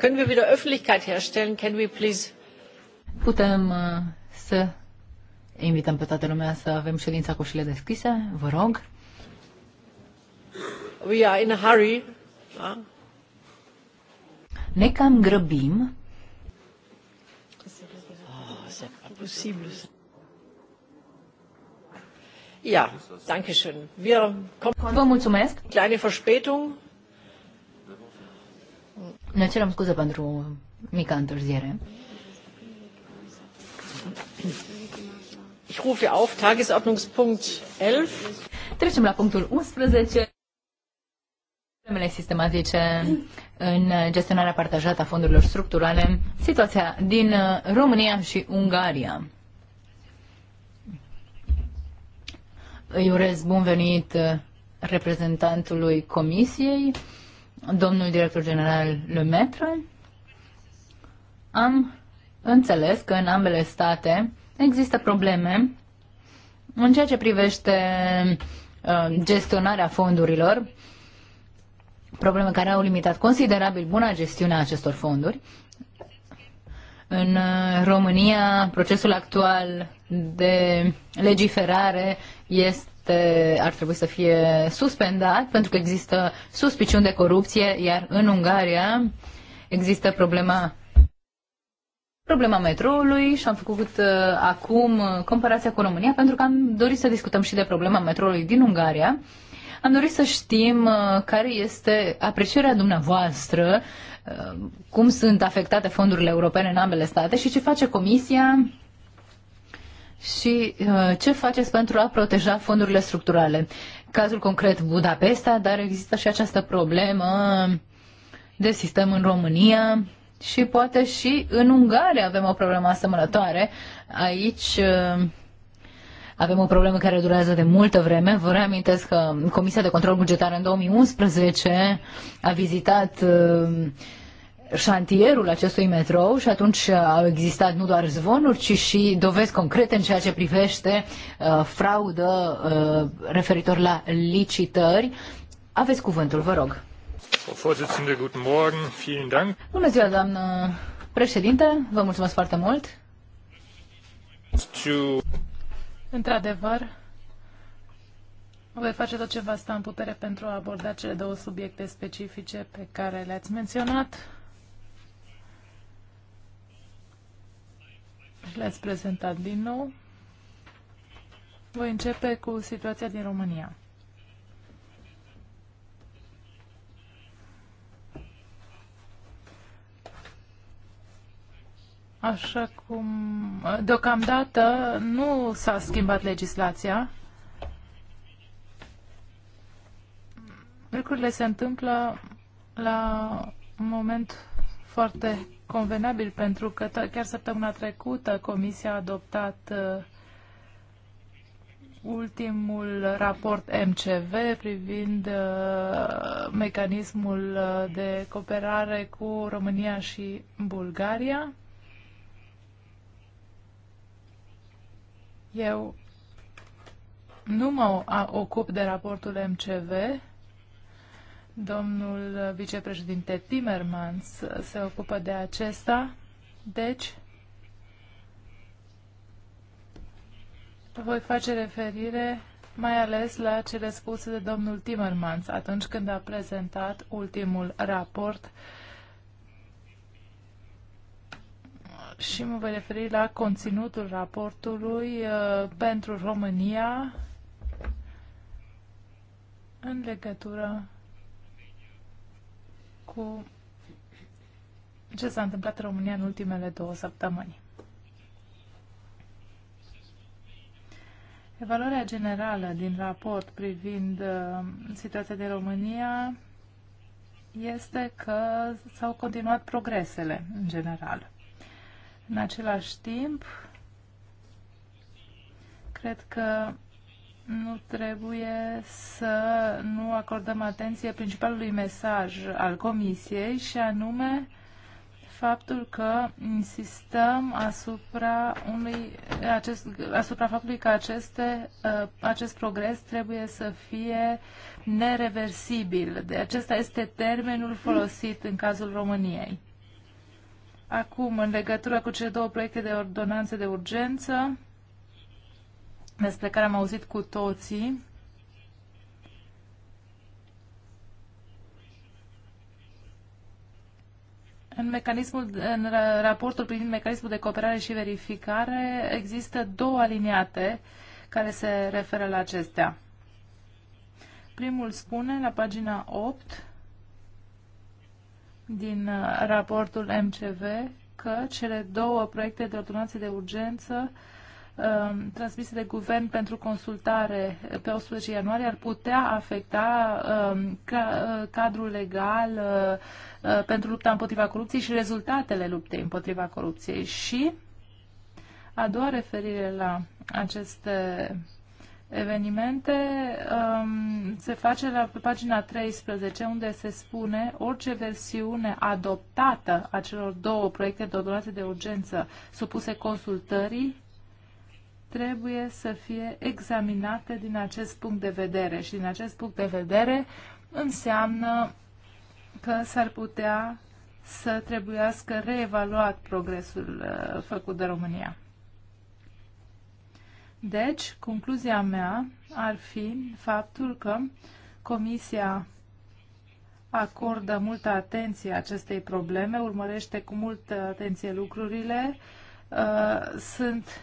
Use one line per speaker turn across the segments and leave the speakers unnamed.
Können wir wieder Öffentlichkeit herstellen? Can we please?
Putem uh, să invităm pe toată lumea să avem ședința cu ușile deschise, vă rog.
We are in a hurry. Uh?
Ne cam grăbim.
Oh, ah, posibil. Ja, danke schön. Wir kommen.
Vă mulțumesc. Kleine Verspätung. Ne cerem scuze pentru mica întârziere.
Ich rufe auf Tagesordnungspunkt 11. Trecem la punctul 11.
Problemele sistematice în gestionarea partajată a fondurilor structurale, situația din România și Ungaria. Îi urez bun venit reprezentantului Comisiei domnul director general Lemaitre, am înțeles că în ambele state există probleme în ceea ce privește uh, gestionarea fondurilor, probleme care au limitat considerabil buna a acestor fonduri. În uh, România, procesul actual de legiferare este este, ar trebui să fie suspendat pentru că există suspiciuni de corupție, iar în Ungaria există problema problema metroului și am făcut uh, acum comparația cu România pentru că am dorit să discutăm și de problema metroului din Ungaria. Am dorit să știm uh, care este aprecierea dumneavoastră, uh, cum sunt afectate fondurile europene în ambele state și ce face Comisia și uh, ce faceți pentru a proteja fondurile structurale? Cazul concret Budapesta, dar există și această problemă de sistem în România și poate și în Ungaria avem o problemă asemănătoare. Aici uh, avem o problemă care durează de multă vreme. Vă reamintesc că Comisia de Control Bugetar în 2011 a vizitat uh, șantierul acestui metrou și atunci uh, au existat nu doar zvonuri, ci și dovezi concrete în ceea ce privește uh, fraudă uh, referitor la licitări. Aveți cuvântul, vă rog. Bună ziua, doamnă președinte, vă mulțumesc foarte mult.
Într-adevăr, voi face tot ce va sta în putere pentru a aborda cele două subiecte specifice pe care le-ați menționat. le-ați prezentat din nou. Voi începe cu situația din România. Așa cum... Deocamdată nu s-a schimbat legislația. Lucrurile se întâmplă la un moment foarte convenabil pentru că chiar săptămâna trecută Comisia a adoptat uh, ultimul raport MCV privind uh, mecanismul uh, de cooperare cu România și Bulgaria. Eu nu mă ocup de raportul MCV, Domnul vicepreședinte Timmermans se ocupă de acesta, deci voi face referire mai ales la cele spuse de domnul Timmermans atunci când a prezentat ultimul raport și mă voi referi la conținutul raportului uh, pentru România în legătură cu ce s-a întâmplat în România în ultimele două săptămâni. Evaluarea generală din raport privind uh, situația din România este că s-au continuat progresele în general. În același timp, cred că nu trebuie să nu acordăm atenție principalului mesaj al Comisiei și anume faptul că insistăm asupra, unui, acest, asupra faptului că aceste, uh, acest progres trebuie să fie nereversibil. De acesta este termenul folosit în cazul României. Acum, în legătură cu cele două proiecte de ordonanțe de urgență, despre care am auzit cu toții, În, mecanismul, în raportul privind mecanismul de cooperare și verificare există două aliniate care se referă la acestea. Primul spune la pagina 8 din uh, raportul MCV că cele două proiecte de ordonanțe de urgență uh, Um, transmise de guvern pentru consultare pe 18 ianuarie ar putea afecta um, uh, cadrul legal uh, uh, pentru lupta împotriva corupției și rezultatele luptei împotriva corupției. Și a doua referire la aceste evenimente um, se face la pe pagina 13 unde se spune orice versiune adoptată a celor două proiecte de ordonanțe de urgență supuse consultării trebuie să fie examinate din acest punct de vedere și din acest punct de vedere înseamnă că s-ar putea să trebuiască reevaluat progresul uh, făcut de România. Deci, concluzia mea ar fi faptul că Comisia acordă multă atenție acestei probleme, urmărește cu multă atenție lucrurile. Uh, sunt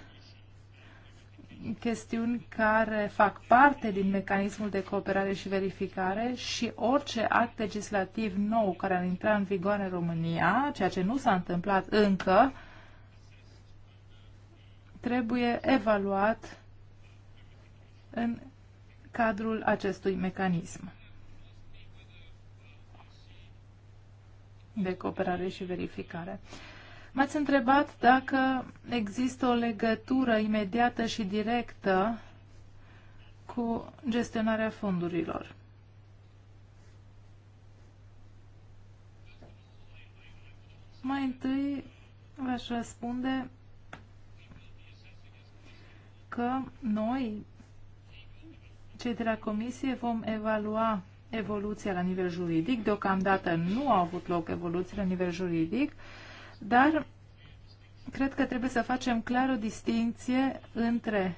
chestiuni care fac parte din mecanismul de cooperare și verificare și orice act legislativ nou care ar intra în vigoare în România, ceea ce nu s-a întâmplat încă, trebuie evaluat în cadrul acestui mecanism de cooperare și verificare. M-ați întrebat dacă există o legătură imediată și directă cu gestionarea fondurilor. Mai întâi v-aș răspunde că noi, cei de la Comisie, vom evalua evoluția la nivel juridic. Deocamdată nu au avut loc evoluții la nivel juridic, dar cred că trebuie să facem clar o distinție între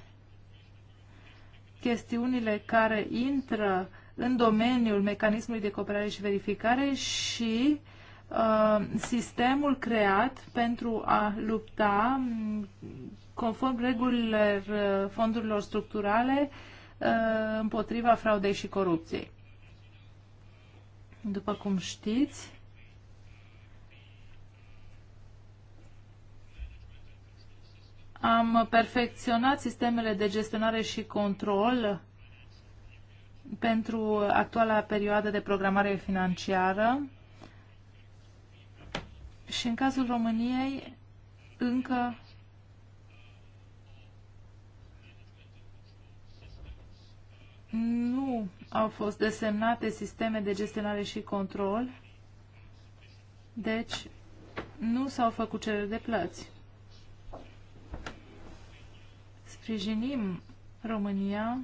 chestiunile care intră în domeniul mecanismului de cooperare și verificare și uh, sistemul creat pentru a lupta conform regulilor uh, fondurilor structurale uh, împotriva fraudei și corupției. După cum știți, Am perfecționat sistemele de gestionare și control pentru actuala perioadă de programare financiară și în cazul României încă nu au fost desemnate sisteme de gestionare și control, deci nu s-au făcut cereri de plăți. Sprijinim România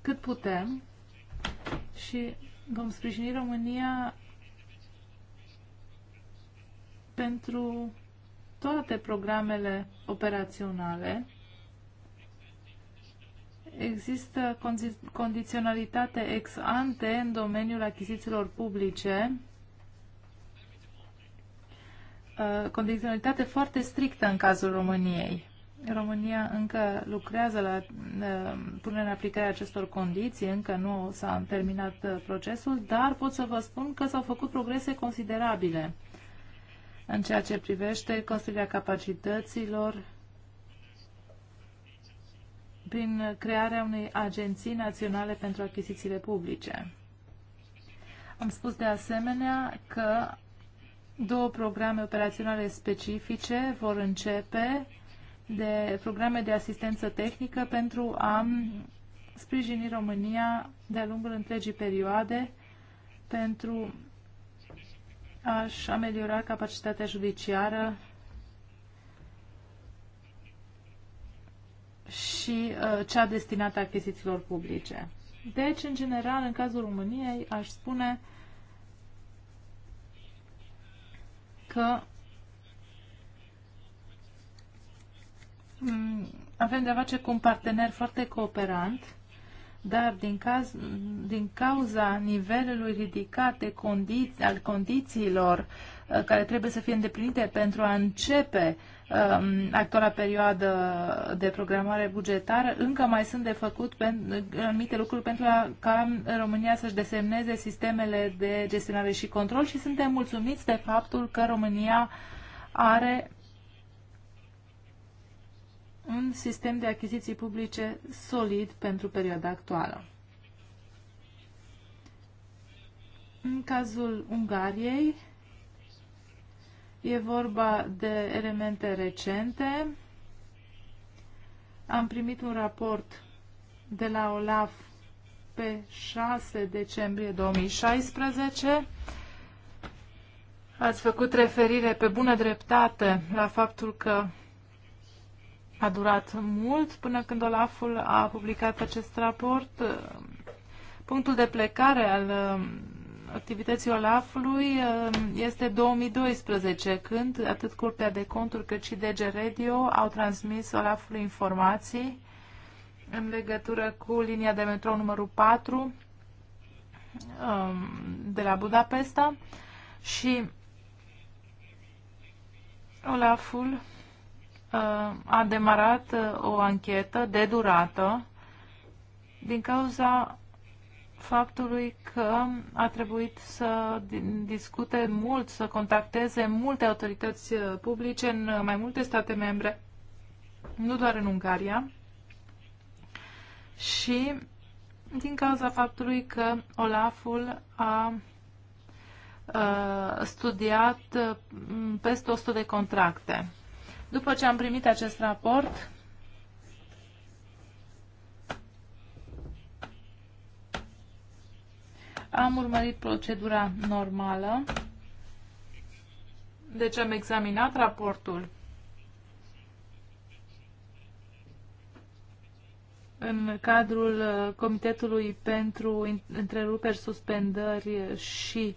cât putem și vom sprijini România pentru toate programele operaționale. Există condi condiționalitate ex ante în domeniul achizițiilor publice, uh, condiționalitate foarte strictă în cazul României. România încă lucrează la eh, punerea în aplicare acestor condiții, încă nu s-a terminat eh, procesul, dar pot să vă spun că s-au făcut progrese considerabile în ceea ce privește construirea capacităților prin crearea unei agenții naționale pentru achizițiile publice. Am spus de asemenea că două programe operaționale specifice vor începe de programe de asistență tehnică pentru a sprijini România de-a lungul întregii perioade pentru a-și ameliora capacitatea judiciară și uh, cea destinată achizițiilor publice. Deci, în general, în cazul României, aș spune că Mm, avem de-a face cu un partener foarte cooperant, dar din, caz, din cauza nivelului ridicat de condi, al condițiilor uh, care trebuie să fie îndeplinite pentru a începe um, actuala perioadă de programare bugetară, încă mai sunt de făcut anumite lucruri pentru a, ca România să-și desemneze sistemele de gestionare și control și suntem mulțumiți de faptul că România are un sistem de achiziții publice solid pentru perioada actuală. În cazul Ungariei, e vorba de elemente recente. Am primit un raport de la OLAF pe 6 decembrie 2016. Ați făcut referire pe bună dreptate la faptul că a durat mult până când Olaful a publicat acest raport. Punctul de plecare al um, activității Olafului um, este 2012, când atât Curtea de Conturi cât și DG Radio au transmis Olafului informații în legătură cu linia de metrou numărul 4 um, de la Budapesta și Olaful a demarat o anchetă de durată din cauza faptului că a trebuit să discute mult, să contacteze multe autorități publice în mai multe state membre, nu doar în Ungaria, și din cauza faptului că Olaful a studiat peste 100 de contracte după ce am primit acest raport, am urmărit procedura normală. Deci am examinat raportul în cadrul uh, Comitetului pentru Întreruperi, Suspendări și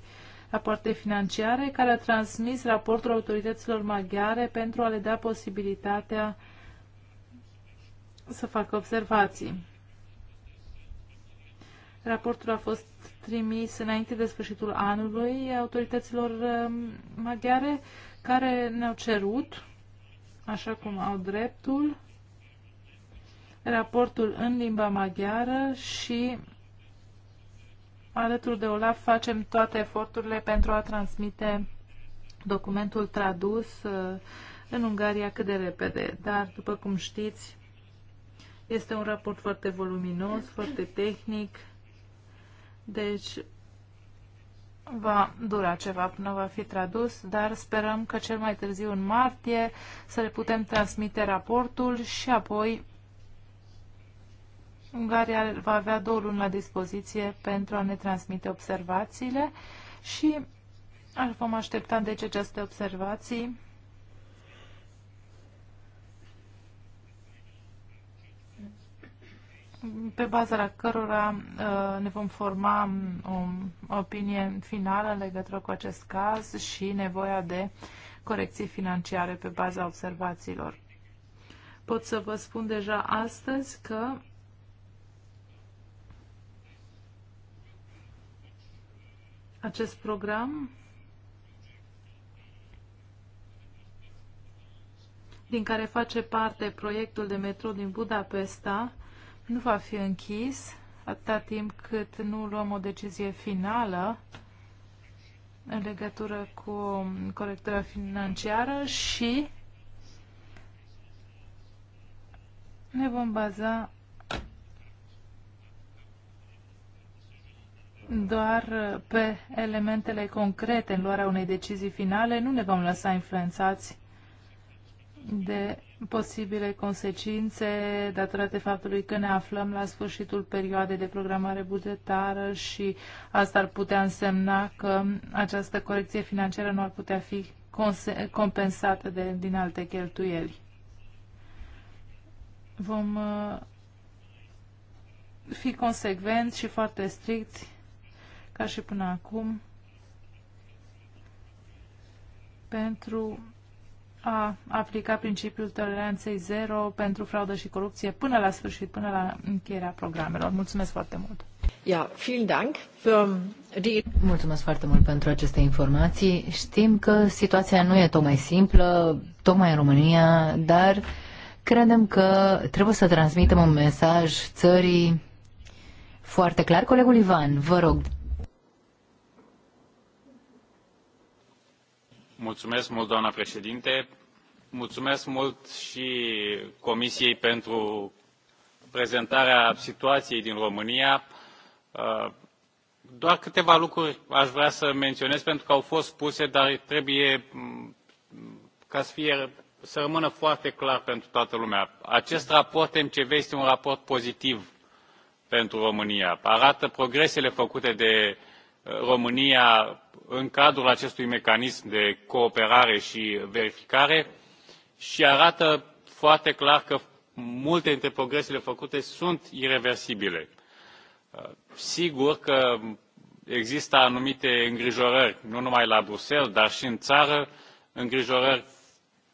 rapoarte financiare, care a transmis raportul autorităților maghiare pentru a le da posibilitatea să facă observații. Raportul a fost trimis înainte de sfârșitul anului autorităților um, maghiare, care ne-au cerut, așa cum au dreptul, raportul în limba maghiară și Alături de OLAF facem toate eforturile pentru a transmite documentul tradus uh, în Ungaria cât de repede, dar, după cum știți, este un raport foarte voluminos, foarte tehnic, deci va dura ceva până va fi tradus, dar sperăm că cel mai târziu în martie să le putem transmite raportul și apoi Ungaria va avea două luni la dispoziție pentru a ne transmite observațiile și vom aștepta deci aceste observații pe baza la cărora uh, ne vom forma um, o opinie finală în legătură cu acest caz și nevoia de corecții financiare pe baza observațiilor. Pot să vă spun deja astăzi că Acest program din care face parte proiectul de metro din Budapesta, nu va fi închis atâta timp cât nu luăm o decizie finală în legătură cu corectura financiară și ne vom baza doar pe elementele concrete în luarea unei decizii finale, nu ne vom lăsa influențați de posibile consecințe datorate faptului că ne aflăm la sfârșitul perioadei de programare bugetară și asta ar putea însemna că această corecție financiară nu ar putea fi compensată de, din alte cheltuieli. Vom uh, fi consecvenți și foarte stricți ca și până acum, pentru a aplica principiul toleranței zero pentru fraudă și corupție până la sfârșit, până la încheierea programelor. Mulțumesc foarte mult! Ja, vielen Dank
für ähm, die... Mulțumesc foarte mult pentru aceste informații. Știm că situația nu e tocmai simplă, tocmai în România, dar credem că trebuie să transmitem un mesaj țării foarte clar. Colegul Ivan, vă rog,
Mulțumesc mult, doamna președinte. Mulțumesc mult și Comisiei pentru prezentarea situației din România. Uh, doar câteva lucruri aș vrea să menționez pentru că au fost puse, dar trebuie mm, ca să, fie, să rămână foarte clar pentru toată lumea. Acest raport MCV este un raport pozitiv pentru România. Arată progresele făcute de uh, România în cadrul acestui mecanism de cooperare și verificare și arată foarte clar că multe dintre progresele făcute sunt ireversibile. Sigur că există anumite îngrijorări, nu numai la Bruxelles, dar și în țară, îngrijorări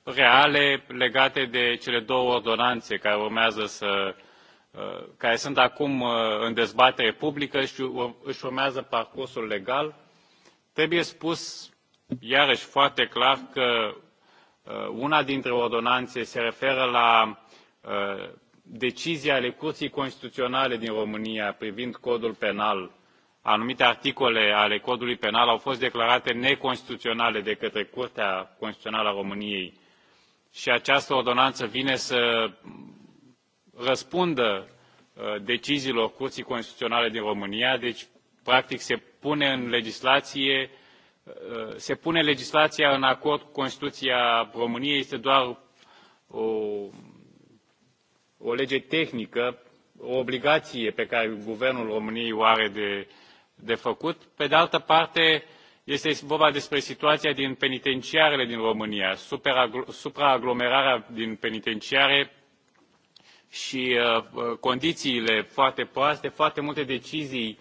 reale legate de cele două ordonanțe care urmează să uh, care sunt acum uh, în dezbatere publică și își urmează parcursul legal Trebuie spus iarăși foarte clar că uh, una dintre ordonanțe se referă la uh, decizia ale Curții Constituționale din România privind codul penal. Anumite articole ale codului penal au fost declarate neconstituționale de către Curtea Constituțională a României și această ordonanță vine să răspundă uh, deciziilor Curții Constituționale din România, deci practic se pune în legislație, uh, se pune legislația în acord cu Constituția României, este doar o, o lege tehnică, o obligație pe care Guvernul României o are de, de făcut. Pe de altă parte, este vorba despre situația din penitenciarele din România, supraaglomerarea din penitenciare și uh, uh, condițiile foarte proaste, foarte multe decizii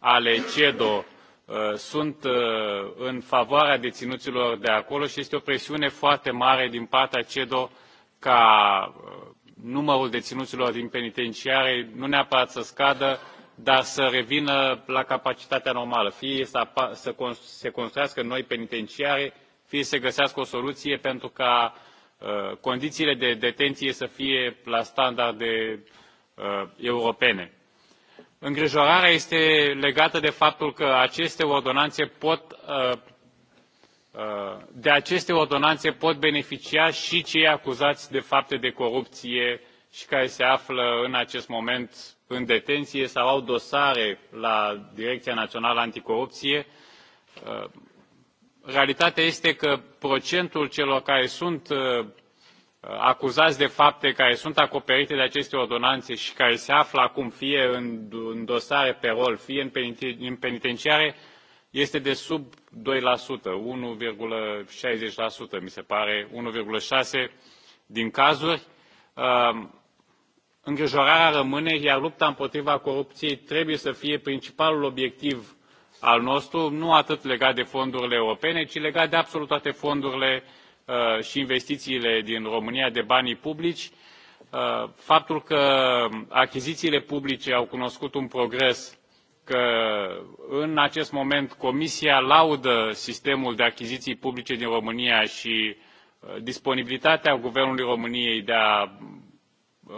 ale CEDO uh, sunt uh, în favoarea deținuților de acolo și este o presiune foarte mare din partea CEDO ca uh, numărul deținuților din penitenciare nu neapărat să scadă, dar să revină la capacitatea normală. Fie să, să se construiască noi penitenciare, fie să găsească o soluție pentru ca uh, condițiile de detenție să fie la standarde uh, europene îngrijorarea este legată de faptul că aceste ordonanțe pot uh, uh, de aceste ordonanțe pot beneficia și cei acuzați de fapte de corupție și care se află în acest moment în detenție sau au dosare la direcția națională anticorupție uh, realitatea este că procentul celor care sunt Uh, acuzați de fapte care sunt acoperite de aceste ordonanțe și care se află acum fie în dosare pe rol, fie în penitenciare, este de sub 2%, 1,60%, mi se pare, 1,6% din cazuri. Uh, îngrijorarea rămâne, iar lupta împotriva corupției trebuie să fie principalul obiectiv al nostru, nu atât legat de fondurile europene, ci legat de absolut toate fondurile uh, Uh, și investițiile din România de banii publici, uh, faptul că achizițiile publice au cunoscut un progres, că în acest moment Comisia laudă sistemul de achiziții publice din România și uh, disponibilitatea Guvernului României de a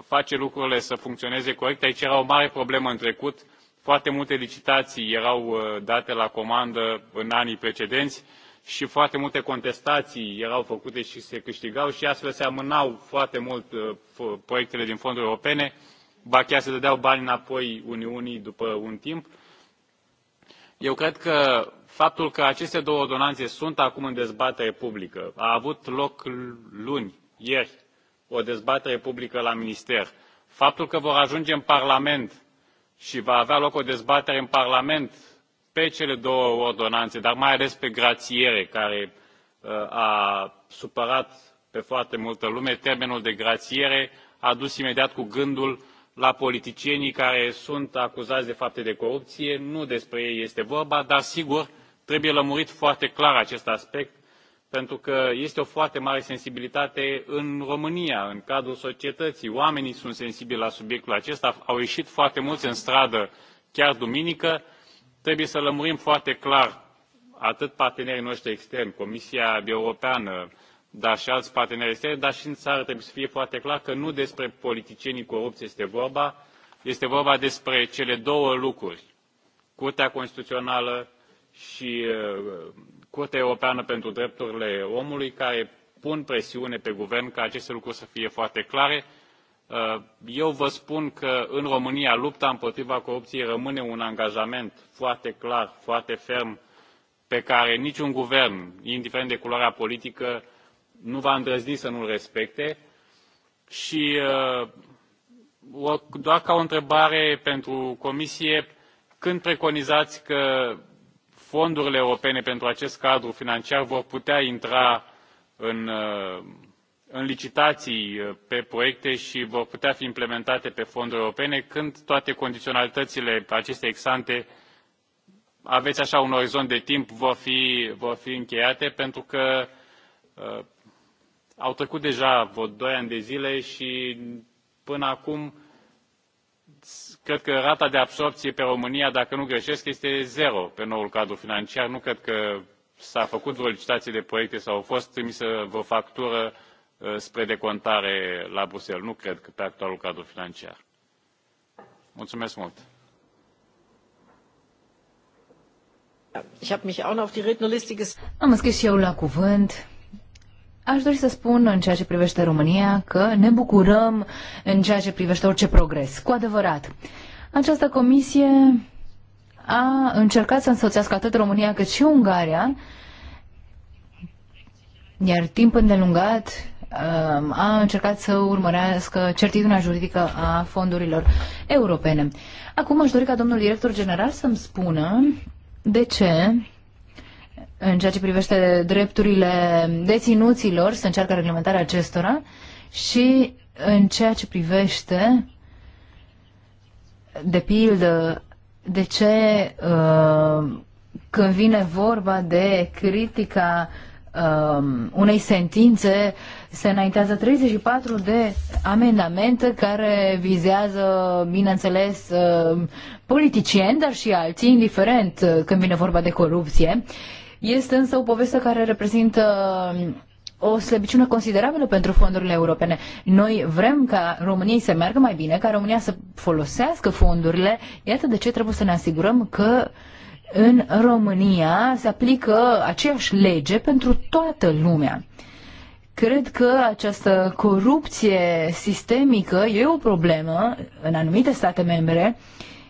face lucrurile să funcționeze corect. Aici era o mare problemă în trecut. Foarte multe licitații erau date la comandă în anii precedenți și foarte multe contestații erau făcute și se câștigau și astfel se amânau foarte mult uh, proiectele din fonduri europene, ba chiar se dădeau bani înapoi Uniunii după un timp. Eu cred că faptul că aceste două ordonanțe sunt acum în dezbatere publică, a avut loc luni, ieri, o dezbatere publică la minister, faptul că vor ajunge în Parlament și va avea loc o dezbatere în Parlament pe cele două ordonanțe, dar mai ales pe grațiere, care uh, a supărat pe foarte multă lume. Termenul de grațiere a dus imediat cu gândul la politicienii care sunt acuzați de fapte de corupție. Nu despre ei este vorba, dar sigur trebuie lămurit foarte clar acest aspect, pentru că este o foarte mare sensibilitate în România, în cadrul societății. Oamenii sunt sensibili la subiectul acesta, au ieșit foarte mulți în stradă chiar duminică trebuie să lămurim foarte clar atât partenerii noștri externi, Comisia Europeană, dar și alți parteneri externi, dar și în țară trebuie să fie foarte clar că nu despre politicienii corupți este vorba, este vorba despre cele două lucruri. Curtea Constituțională și uh, Curtea Europeană pentru Drepturile Omului, care pun presiune pe guvern ca aceste lucruri să fie foarte clare Uh, eu vă spun că în România lupta împotriva corupției rămâne un angajament foarte clar, foarte ferm, pe care niciun guvern, indiferent de culoarea politică, nu va îndrăzni să nu-l respecte. Și uh, doar ca o întrebare pentru Comisie, când preconizați că fondurile europene pentru acest cadru financiar vor putea intra în uh, în licitații uh, pe proiecte și vor putea fi implementate pe fonduri europene când toate condiționalitățile acestei ex ante aveți așa un orizont de timp, vor fi, vor fi încheiate, pentru că uh, au trecut deja vreo 2 ani de zile și până acum cred că rata de absorbție pe România, dacă nu greșesc, este zero pe noul cadru financiar. Nu cred că s-a făcut vreo licitație de proiecte sau a fost trimisă vreo factură uh, Uh, spre decontare la Bruxelles. Nu cred că pe actualul cadru financiar. Mulțumesc mult!
Am înscris și eu la cuvânt. Aș dori să spun în ceea ce privește România că ne bucurăm în ceea ce privește orice progres. Cu adevărat, această comisie a încercat să însoțească atât România cât și Ungaria, iar timp îndelungat Um, a încercat să urmărească certitudinea juridică a fondurilor europene. Acum aș dori ca domnul director general să-mi spună de ce în ceea ce privește drepturile deținuților, se încearcă reglementarea acestora și în ceea ce privește, de pildă, de ce uh, când vine vorba de critica uh, Um, unei sentințe se înaintează 34 de amendamente care vizează, bineînțeles, um, politicieni, dar și alții, indiferent uh, când vine vorba de corupție. Este însă o poveste care reprezintă um, o slăbiciune considerabilă pentru fondurile europene. Noi vrem ca României să meargă mai bine, ca România să folosească fondurile. Iată de ce trebuie să ne asigurăm că uh, în România se aplică aceeași lege pentru toată lumea. Cred că această corupție sistemică e o problemă în anumite state membre.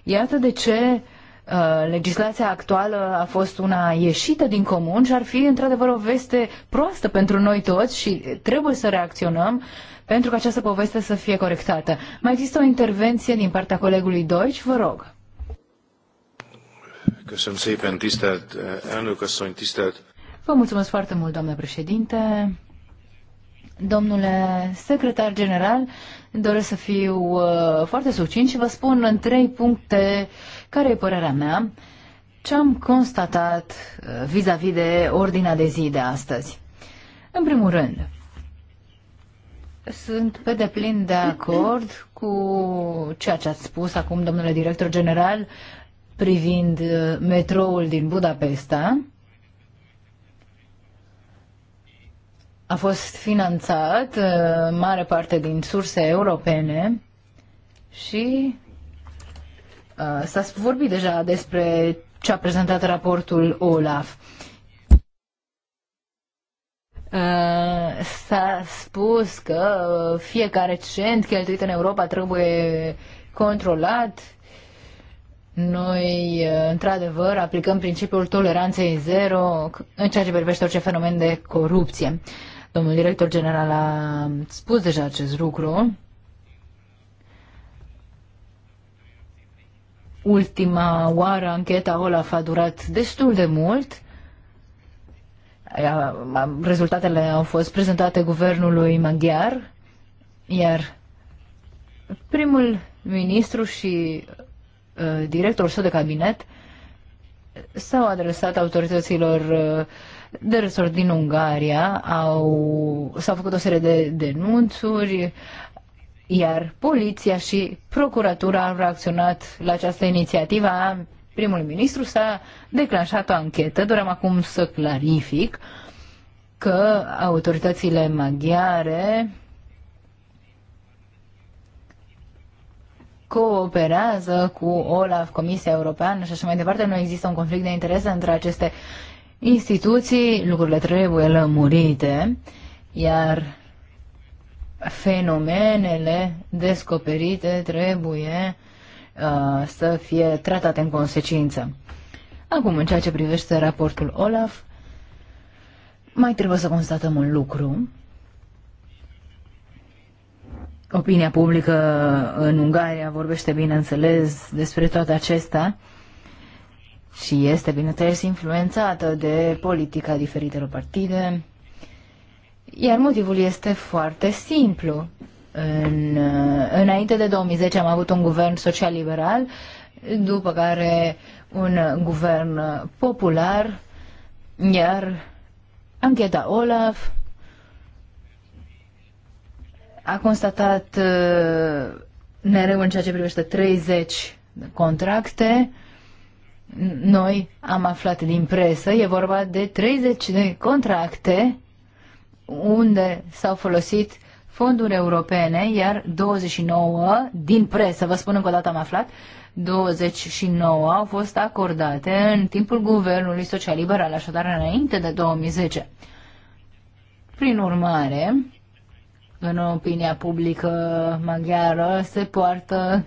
Iată de ce uh, legislația actuală a fost una ieșită din comun și ar fi într-adevăr o veste proastă pentru noi toți și trebuie să reacționăm pentru că această poveste să fie corectată. Mai există o intervenție din partea colegului Deutsch, vă rog.
Köszönöm szépen, tisztelt eh, tisztelt...
Vă mulțumesc foarte mult, doamnă președinte. Domnule secretar general, doresc să fiu uh, foarte succint și vă spun în trei puncte care e părerea mea ce am constatat eh, vis-a-vis uh, -vis de ordinea de zi de astăzi. În primul rând, sunt pe deplin de acord cu ceea ce ați spus acum, domnule director general, privind uh, metroul din Budapesta. A fost finanțat uh, mare parte din surse europene și uh, s-a vorbit deja despre ce a prezentat raportul OLAF. S-a spus că fiecare cent cheltuit în Europa trebuie controlat noi, uh, într-adevăr, aplicăm principiul toleranței zero în ceea ce privește orice fenomen de corupție. Domnul director general a spus deja acest lucru. Ultima oară ancheta Olaf a durat destul de mult. Rezultatele au fost prezentate guvernului maghiar, iar primul ministru și Uh, directorul său de cabinet s-au adresat autorităților uh, de resort din Ungaria, au, s-au făcut o serie de denunțuri, iar poliția și procuratura au reacționat la această inițiativă a primului ministru. S-a declanșat o anchetă, doream acum să clarific că autoritățile maghiare cooperează cu OLAF, Comisia Europeană și așa mai departe. Nu există un conflict de interese între aceste instituții, lucrurile trebuie lămurite, iar fenomenele descoperite trebuie uh, să fie tratate în consecință. Acum, în ceea ce privește raportul OLAF, mai trebuie să constatăm un lucru. Opinia publică în Ungaria vorbește, bineînțeles, despre toate acestea și este, bineînțeles, influențată de politica diferitelor partide. Iar motivul este foarte simplu. În, înainte de 2010 am avut un guvern social-liberal, după care un guvern popular, iar ancheta Olaf a constatat uh, mereu în ceea ce privește 30 contracte. Noi am aflat din presă, e vorba de 30 de contracte unde s-au folosit fonduri europene, iar 29 din presă, vă spun încă o dată am aflat, 29 au fost acordate în timpul guvernului social-liberal, așadar înainte de 2010. Prin urmare, în opinia publică maghiară se poartă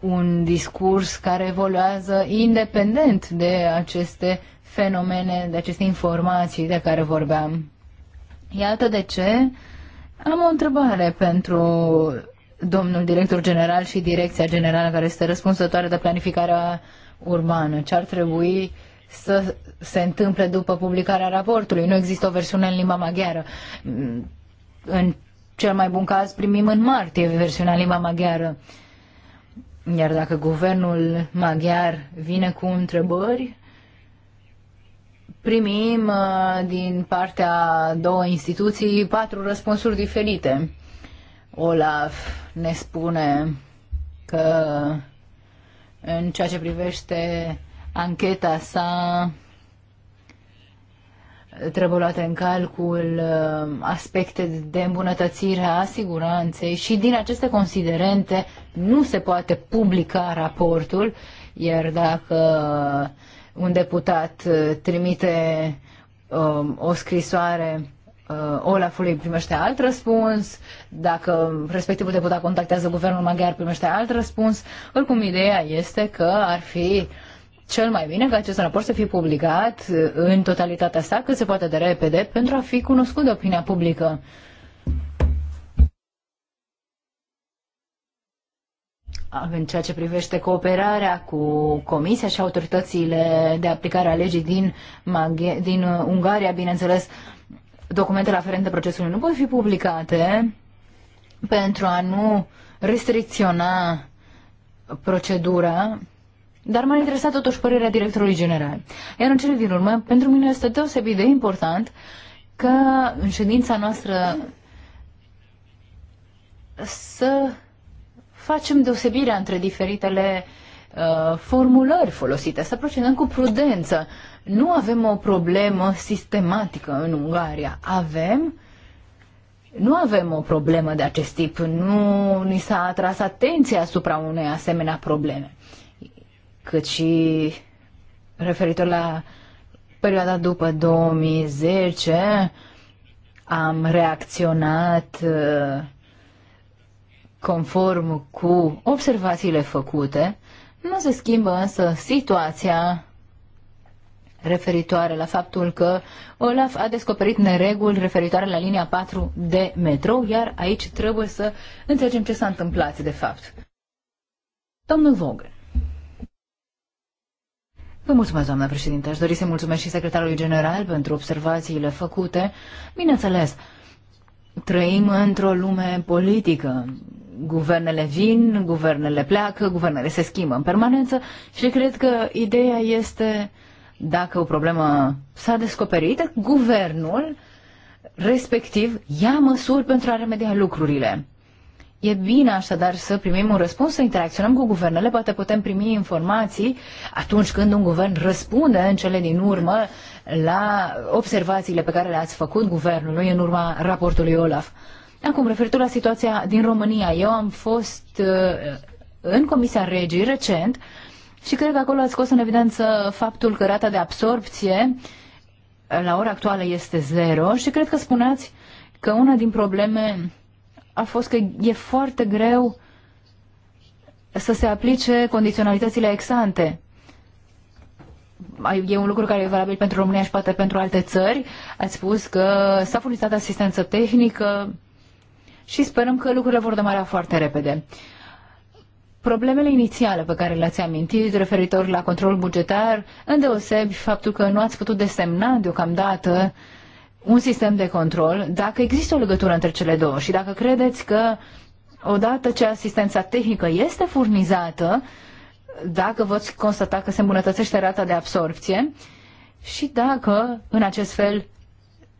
un discurs care evoluează independent de aceste fenomene, de aceste informații de care vorbeam. Iată de ce am o întrebare pentru domnul director general și direcția generală care este răspunsătoare de planificarea urbană. Ce ar trebui să se întâmple după publicarea raportului? Nu există o versiune în limba maghiară în cel mai bun caz primim în martie versiunea limba maghiară. Iar dacă guvernul maghiar vine cu întrebări, primim uh, din partea două instituții patru răspunsuri diferite. Olaf ne spune că în ceea ce privește ancheta sa trebuie luate în calcul uh, aspecte de îmbunătățire a siguranței și din aceste considerente nu se poate publica raportul, iar dacă un deputat uh, trimite um, o scrisoare uh, Olafului primește alt răspuns, dacă respectivul deputat contactează guvernul maghiar primește alt răspuns. Oricum, ideea este că ar fi uh, cel mai bine ca acest raport să fie publicat uh, în totalitatea sa cât se poate de repede pentru a fi cunoscut de opinia publică. În ceea ce privește cooperarea cu Comisia și autoritățile de aplicare a legii din, Maghe- din uh, Ungaria, bineînțeles, documentele aferente procesului nu pot fi publicate pentru a nu restricționa procedura dar m-a interesat totuși părerea directorului general. Iar în cele din urmă, pentru mine este deosebit de important că în ședința noastră să facem deosebirea între diferitele uh, formulări folosite, să procedăm cu prudență. Nu avem o problemă sistematică în Ungaria. Avem nu avem o problemă de acest tip, nu ni s-a atras atenția asupra unei asemenea probleme cât și referitor la perioada după 2010, am reacționat uh, conform cu observațiile făcute. Nu se schimbă însă situația referitoare la faptul că Olaf a descoperit nereguli referitoare la linia 4 de metrou, iar aici trebuie să înțelegem ce s-a întâmplat de fapt. Domnul Vogel. Vă mulțumesc, doamna președinte. Aș dori să mulțumesc și secretarului general pentru observațiile făcute. Bineînțeles, trăim într-o lume politică. Guvernele vin, guvernele pleacă, guvernele se schimbă în permanență și cred că ideea este, dacă o problemă s-a descoperit, guvernul respectiv ia măsuri pentru a remedia lucrurile. E bine așadar să primim un răspuns, să interacționăm cu guvernele, poate putem primi informații atunci când un guvern răspunde în cele din urmă la observațiile pe care le-ați făcut guvernului în urma raportului Olaf. Acum, referitor la situația din România, eu am fost uh, în Comisia Regii recent și cred că acolo ați scos în evidență faptul că rata de absorpție uh, la ora actuală este zero și cred că spuneați că una din probleme a fost că e foarte greu să se aplice condiționalitățile exante. E un lucru care e valabil pentru România și poate pentru alte țări. Ați spus că s-a furnizat asistență tehnică și sperăm că lucrurile vor demara foarte repede. Problemele inițiale pe care le-ați amintit referitor la controlul bugetar, îndeosebi faptul că nu ați putut desemna deocamdată uh, un sistem de control, dacă există o legătură între cele două și dacă credeți că odată ce asistența tehnică este furnizată, dacă voți constata că se îmbunătățește rata de absorpție și dacă, în acest fel,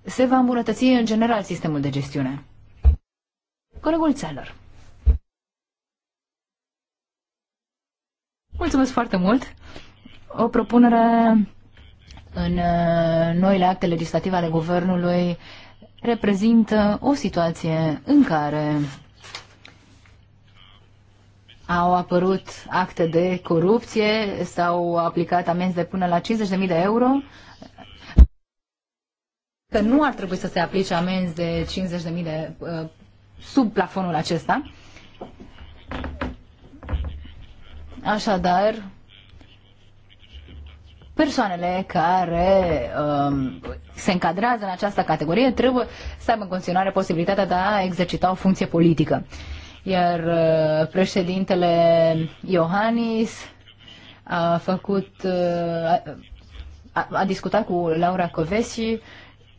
se va îmbunătăți în general sistemul de gestiune. Colegul Țeller. Mulțumesc foarte mult! O propunere în uh, noile acte legislative ale guvernului reprezintă o situație în care au apărut acte de corupție, s-au aplicat amenzi de până la 50.000 de euro, că nu ar trebui să se aplice amenzi de 50.000 de uh, sub plafonul acesta. Așadar, persoanele care um, se încadrează în această categorie trebuie să aibă în continuare posibilitatea de a exercita o funcție politică. Iar uh, președintele Iohannis a făcut uh, a, a discutat cu Laura Covesi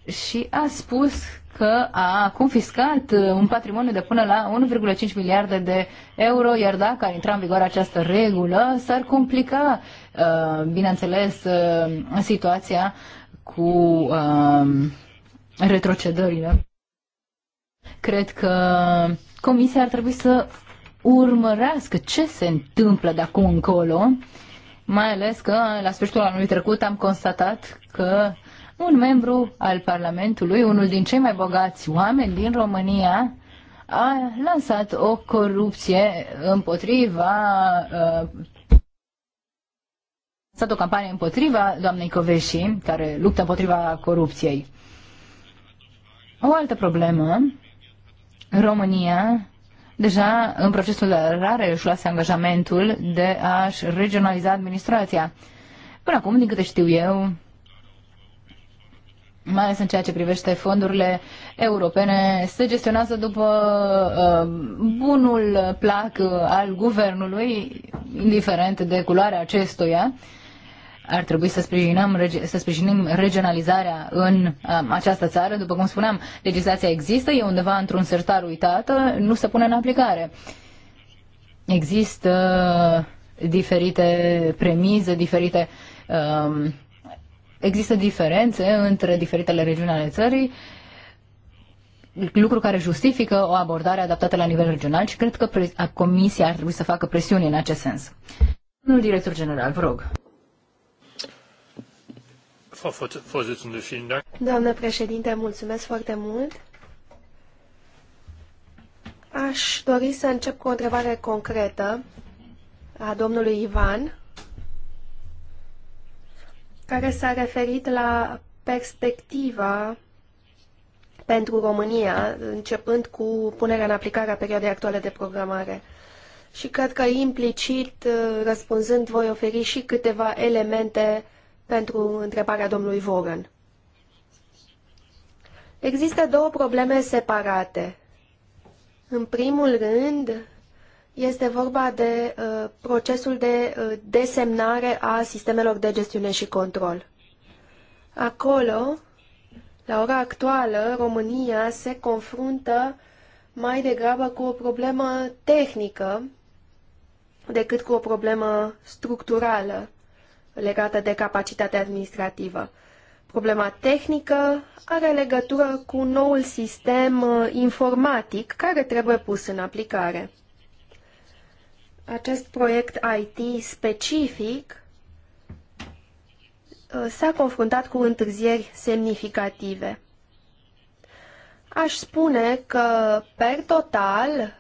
și a spus că a confiscat uh, un patrimoniu de până la 1,5 miliarde de euro, iar dacă ar intra în vigoare această regulă, s-ar complica, uh, bineînțeles, uh, situația cu retrocedările. Cred că Comisia ar trebui să urmărească ce se întâmplă de acum încolo, mai ales că la sfârșitul anului trecut am constatat că uh, un membru al Parlamentului, unul din cei mai bogați oameni din România, a lansat o corupție împotriva uh, lansat o campanie împotriva doamnei Coveșii, care luptă împotriva corupției. O altă problemă, România deja în procesul de rare își luase angajamentul de a-și regionaliza administrația. Până acum, din câte știu eu, mai ales în ceea ce privește fondurile europene, se gestionează după uh, bunul plac al guvernului, indiferent de culoarea acestuia. Ar trebui să sprijinim, să sprijinim regionalizarea în um, această țară. După cum spuneam, legislația există, e undeva într-un sertar uitată, nu se pune în aplicare. Există diferite premize, diferite um, există diferențe între diferitele regiuni ale țării, lucru care justifică o abordare adaptată la nivel regional și cred că Comisia ar trebui să facă presiuni în acest sens. Domnul director general, vă
rog.
Doamnă președinte, mulțumesc foarte mult. Aș dori să încep cu o întrebare concretă a domnului Ivan care s-a referit la perspectiva pentru România, începând cu punerea în aplicare a perioadei actuale de programare. Și cred că implicit, uh, răspunzând, voi oferi și câteva elemente pentru întrebarea domnului Voren. Există două probleme separate. În primul rând, este vorba de uh, procesul de uh, desemnare a sistemelor de gestiune și control. Acolo, la ora actuală, România se confruntă mai degrabă cu o problemă tehnică decât cu o problemă structurală legată de capacitatea administrativă. Problema tehnică are legătură cu noul sistem uh, informatic care trebuie pus în aplicare acest proiect IT specific uh, s-a confruntat cu întârzieri semnificative. Aș spune că, per total,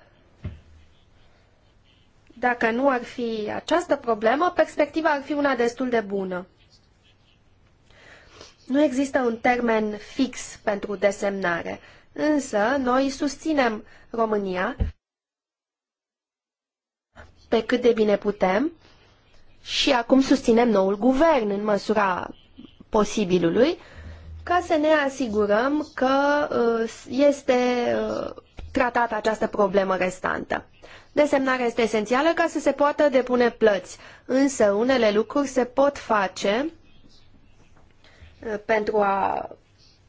dacă nu ar fi această problemă, perspectiva ar fi una destul de bună. Nu există un termen fix pentru desemnare, însă noi susținem România pe cât de bine putem și acum susținem noul guvern în măsura posibilului ca să ne asigurăm că uh, este uh, tratată această problemă restantă. Desemnarea este esențială ca să se poată depune plăți, însă unele lucruri se pot face uh, pentru a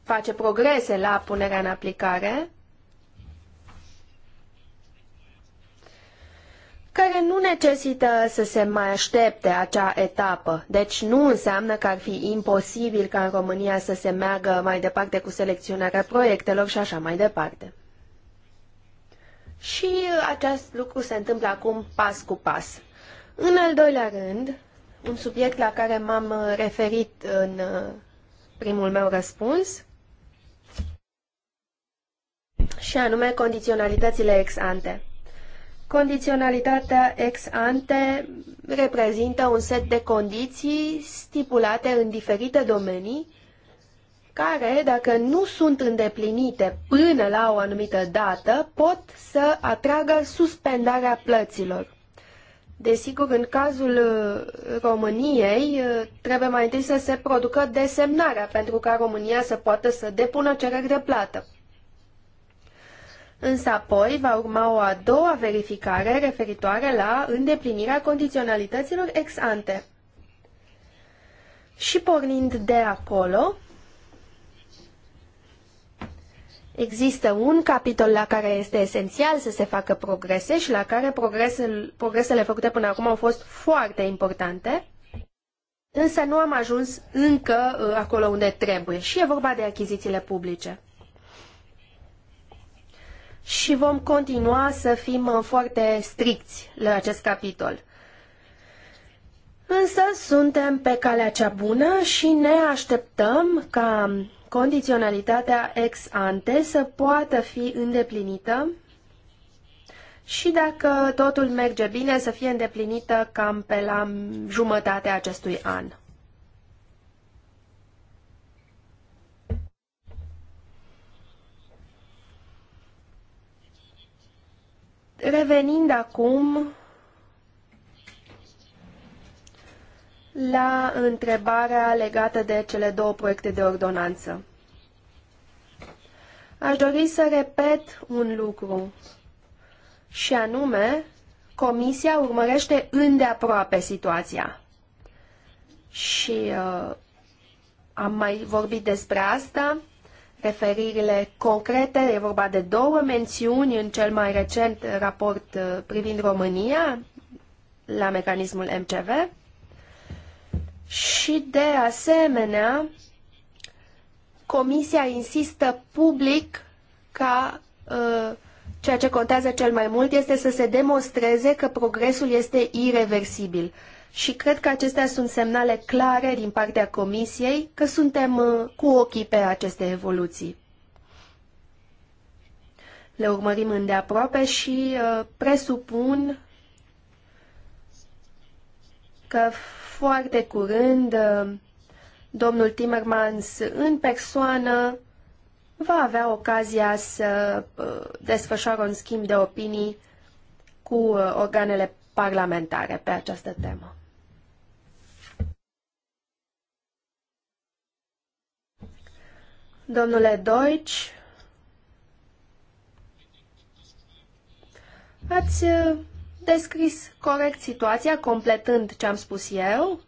face progrese la punerea în aplicare care nu necesită să se mai aștepte acea etapă. Deci nu înseamnă că ar fi imposibil ca în România să se meargă mai departe cu selecționarea proiectelor și așa mai departe. Și acest lucru se întâmplă acum pas cu pas. În al doilea rând, un subiect la care m-am referit în uh, primul meu răspuns, și anume condiționalitățile ex ante. Condiționalitatea ex ante reprezintă un set de condiții stipulate în diferite domenii care, dacă nu sunt îndeplinite până la o anumită dată, pot să atragă suspendarea plăților. Desigur, în cazul uh, României, uh, trebuie mai întâi să se producă desemnarea pentru ca România să poată să depună cereri de plată. Însă apoi va urma o a doua verificare referitoare la îndeplinirea condiționalităților ex ante. Și pornind de acolo, Există un capitol la care este esențial să se facă progrese și la care progresele, progresele făcute până acum au fost foarte importante, însă nu am ajuns încă uh, acolo unde trebuie și e vorba de achizițiile publice și vom continua să fim uh, foarte stricți la acest capitol. Însă suntem pe calea cea bună și ne așteptăm ca condiționalitatea ex ante să poată fi îndeplinită și dacă totul merge bine să fie îndeplinită cam pe la jumătatea acestui an. Revenind acum la întrebarea legată de cele două proiecte de ordonanță. Aș dori să repet un lucru și anume, Comisia urmărește îndeaproape situația. Și uh, am mai vorbit despre asta referirile concrete. E vorba de două mențiuni în cel mai recent raport uh, privind România la mecanismul MCV și de asemenea Comisia insistă public ca uh, ceea ce contează cel mai mult este să se demonstreze că progresul este irreversibil și cred că acestea sunt semnale clare din partea Comisiei că suntem uh, cu ochii pe aceste evoluții. Le urmărim îndeaproape și uh, presupun că foarte curând uh, domnul Timmermans în persoană va avea ocazia să desfășoare un schimb de opinii cu organele parlamentare pe această temă. Domnule Deutsch, ați uh, descris corect situația, completând ce am spus eu.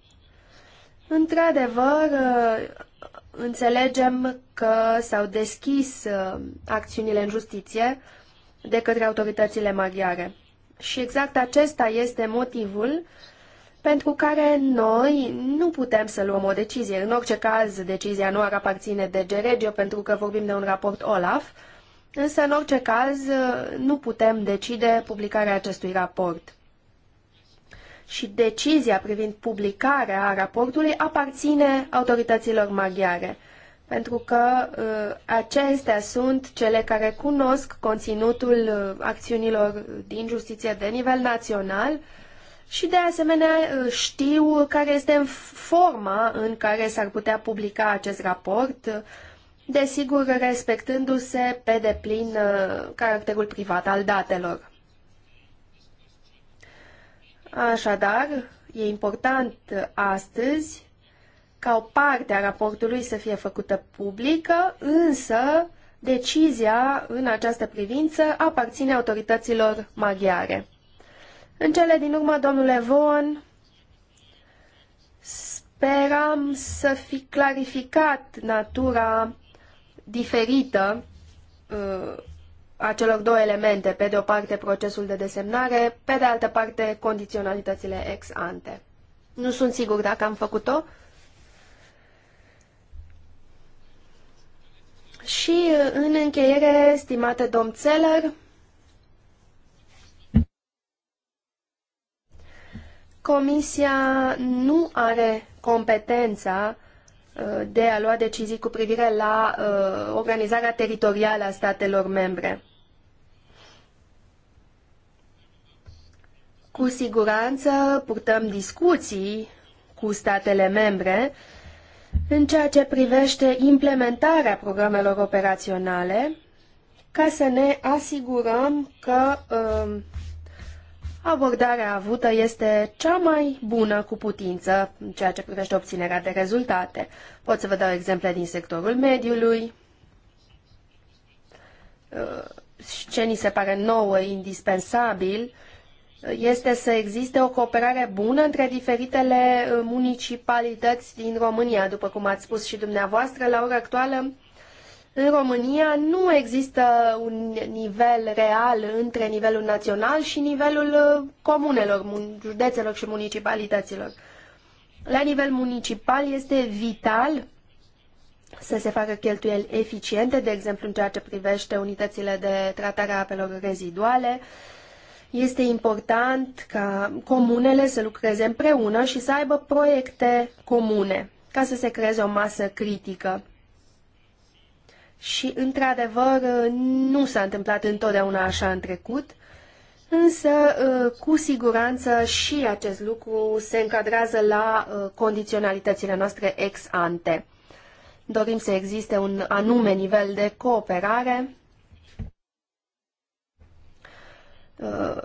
Într-adevăr, uh, înțelegem că s-au deschis uh, acțiunile în justiție de către autoritățile maghiare. Și exact acesta este motivul uh, pentru care noi nu putem să luăm o decizie. În orice caz, decizia nu ar aparține de Geregio, pentru că vorbim de un raport OLAF, însă în orice caz nu putem decide publicarea acestui raport. Și decizia privind publicarea raportului aparține autorităților maghiare, pentru că uh, acestea sunt cele care cunosc conținutul uh, acțiunilor din justiție de nivel național și de asemenea ă, știu care este forma în care s-ar putea publica acest raport, desigur respectându-se pe deplin ă, caracterul privat al datelor. Așadar, e important astăzi ca o parte a raportului să fie făcută publică, însă decizia în această privință aparține autorităților maghiare. În cele din urmă, domnule Von, speram să fi clarificat natura diferită uh, a celor două elemente, pe de o parte procesul de desemnare, pe de altă parte condiționalitățile ex ante. Nu sunt sigur dacă am făcut-o. Și uh, în încheiere, stimate domn Țeler, Comisia nu are competența uh, de a lua decizii cu privire la uh, organizarea teritorială a statelor membre. Cu siguranță purtăm discuții cu statele membre în ceea ce privește implementarea programelor operaționale ca să ne asigurăm că uh, abordarea avută este cea mai bună cu putință în ceea ce privește obținerea de rezultate. Pot să vă dau exemple din sectorul mediului, uh, ce ni se pare nouă indispensabil este să existe o cooperare bună între diferitele municipalități din România. După cum ați spus și dumneavoastră, la ora actuală în România nu există un nivel real între nivelul național și nivelul uh, comunelor, județelor și municipalităților. La nivel municipal este vital să se facă cheltuieli eficiente, de exemplu în ceea ce privește unitățile de tratare a apelor reziduale. Este important ca comunele să lucreze împreună și să aibă proiecte comune, ca să se creeze o masă critică și, într-adevăr, nu s-a întâmplat întotdeauna așa în trecut, însă, ă, cu siguranță, și acest lucru se încadrează la ă, condiționalitățile noastre ex ante. Dorim să existe un anume nivel de cooperare ă,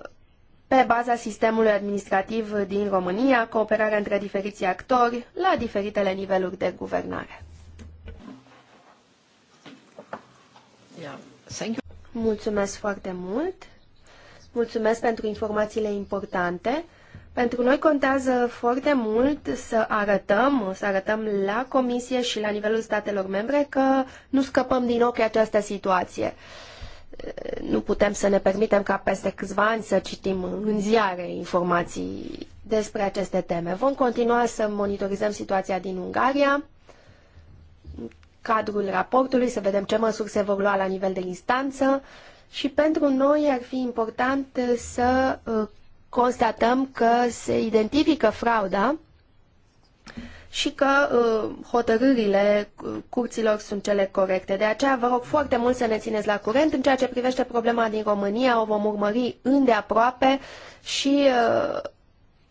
pe baza sistemului administrativ din România, cooperarea între diferiții actori la diferitele niveluri de guvernare. Thank you. Mulțumesc foarte mult. Mulțumesc pentru informațiile importante. Pentru noi contează foarte mult să arătăm, să arătăm la Comisie și la nivelul statelor membre că nu scăpăm din ochi această situație. Nu putem să ne permitem ca peste câțiva ani să citim în ziare informații despre aceste teme. Vom continua să monitorizăm situația din Ungaria cadrul raportului, să vedem ce măsuri se vor lua la nivel de instanță și pentru noi ar fi important să uh, constatăm că se identifică frauda și că uh, hotărârile uh, curților sunt cele corecte. De aceea vă rog foarte mult să ne țineți la curent în ceea ce privește problema din România. O vom urmări îndeaproape și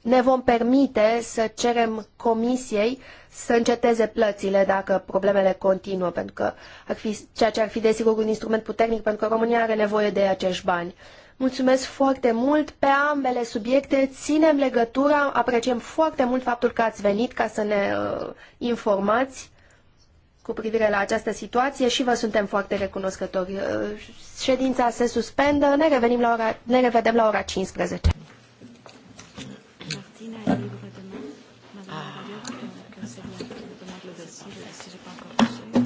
ne vom permite să cerem comisiei să înceteze plățile dacă problemele continuă, pentru că ar fi, ceea ce ar fi desigur un instrument puternic, pentru că România are nevoie de acești bani. Mulțumesc foarte mult pe ambele subiecte, ținem legătura, apreciem foarte mult faptul că ați venit ca să ne uh, informați cu privire la această situație și vă suntem foarte recunoscători. Uh, ședința se suspendă, ne, revenim la ora, ne revedem la ora 15.